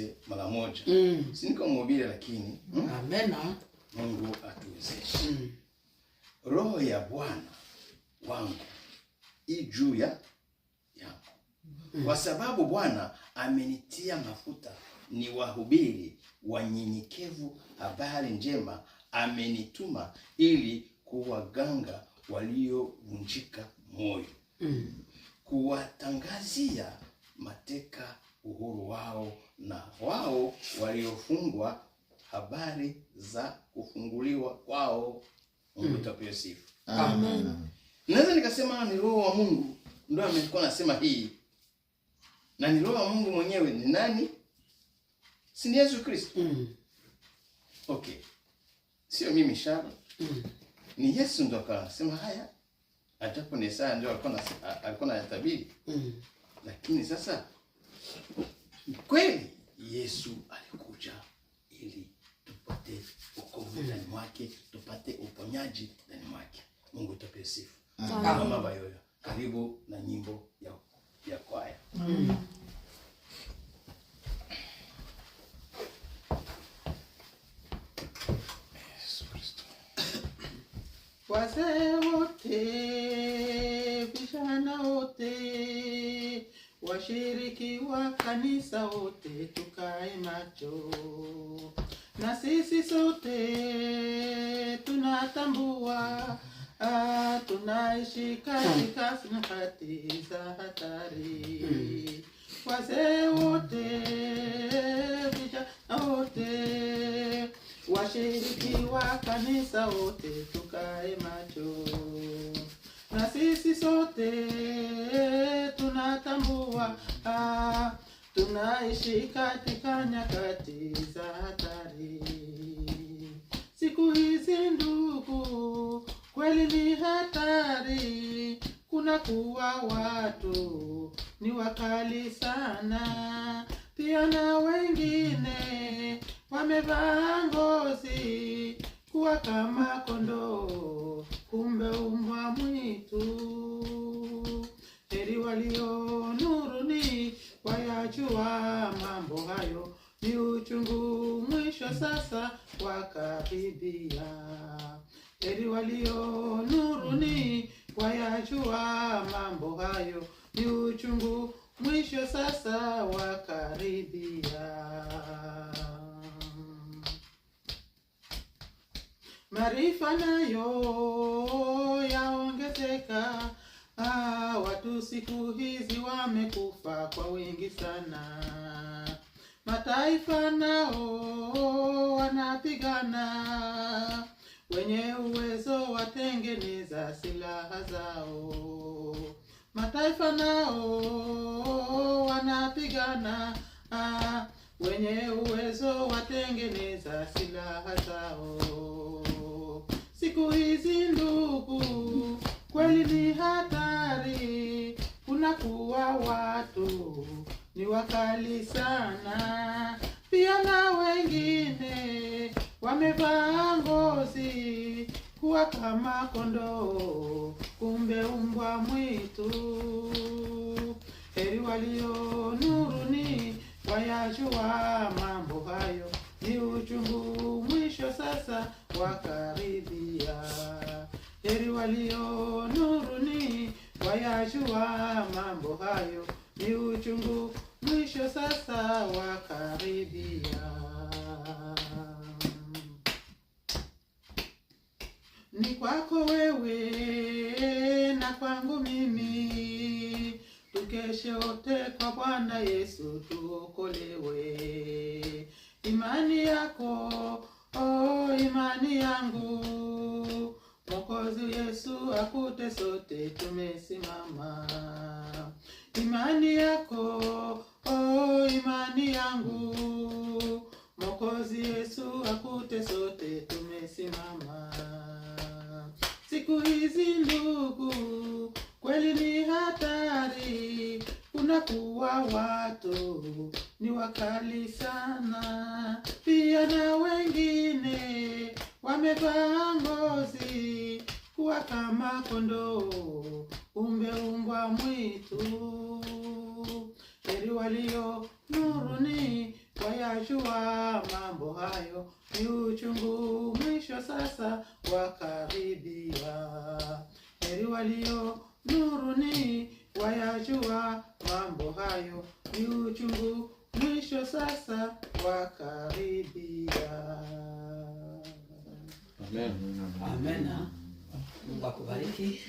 tuweze mara moja mm. si nikamwambia, lakini mm. amena, Mungu atuwezeshe mm. Roho ya Bwana wangu i juu ya yangu mm. kwa sababu Bwana amenitia mafuta ni wahubiri wanyenyekevu habari njema, amenituma ili kuwaganga waliovunjika moyo mm. kuwatangazia mateka uhuru wao na wao waliofungwa habari za kufunguliwa kwao. Mungu itapewe sifa. Amen. Naweza nikasema ni roho wa Mungu ndio amekuwa nasema hii, na ni roho wa Mungu mwenyewe ni nani? Si ni Yesu Kristo? mm. Okay, sio mimi shaba. mm. Ni Yesu ndio akawa nasema haya, ajapo ni saa ndio alikuwa alikuwa tabiri mm. Lakini sasa Kweli Yesu alikuja ili tupate wokovu ndani mwake, tupate uponyaji ndani mwake. Mungu tupee sifa. Mama Bayoyo, karibu na nyimbo ya, ya kwaya Wazee wote vijana wote washiriki wa kanisa wote tukae macho, na sisi sote tunatambua ah, tunaishi katika nyakati za hatari. Wazee wote, vijana wote, washiriki wa kanisa wote tukae macho, na sisi sote tunatambua ah, tunaishi katika nyakati za hatari. Siku hizi ndugu, kweli ni hatari, kuna kuwa watu ni wakali sana, pia na wengine wamevaa ngozi kuwa kama kondoo, kumbe umwa mwitu. Heri walio sasa wakaribia. Heri nuruni wayajua mambo hayo ni uchungu, mwisho sasa wakaribia. Maarifa nayo yaongezeka, ah, watu siku hizi wamekufa kwa wingi sana mataifa nao wanapigana, wenye uwezo watengeneza silaha zao. Mataifa nao wanapigana, wenye uwezo watengeneza silaha zao. Siku hizi ndugu, kweli ni hatari, kunakuwa watu ni wakali sana, pia na wengine wamevaa ngozi kuwa kama kondoo, kumbe umbwa mwitu. Heri walio nuruni wayajua mambo hayo, ni uchungu mwisho sasa wakaribia. Heri walio nuruni wayajua mambo hayo, ni uchungu mwisho sasa wakaribia. Ni kwako wewe na kwangu mimi, tukeshe wote kwa Bwana Yesu tuokolewe. Imani yako oh, imani yangu, Mwokozi Yesu akute sote tumesimama. Imani yako imani yangu, Mwokozi Yesu akute sote tumesimama. Siku hizi ndugu, kweli ni hatari, kuna kuwa watu ni wakali sana, pia na wengine wamevaa ngozi kuwa kama kondoo, umbwa mwitu heri walio nuruni wayajua mambo hayo, ni uchungu mwisho sasa wakaribia. Heri walio nuruni wayajua mambo hayo, ni uchungu mwisho sasa wakaribia. Amen. Amen. Mungu akubariki.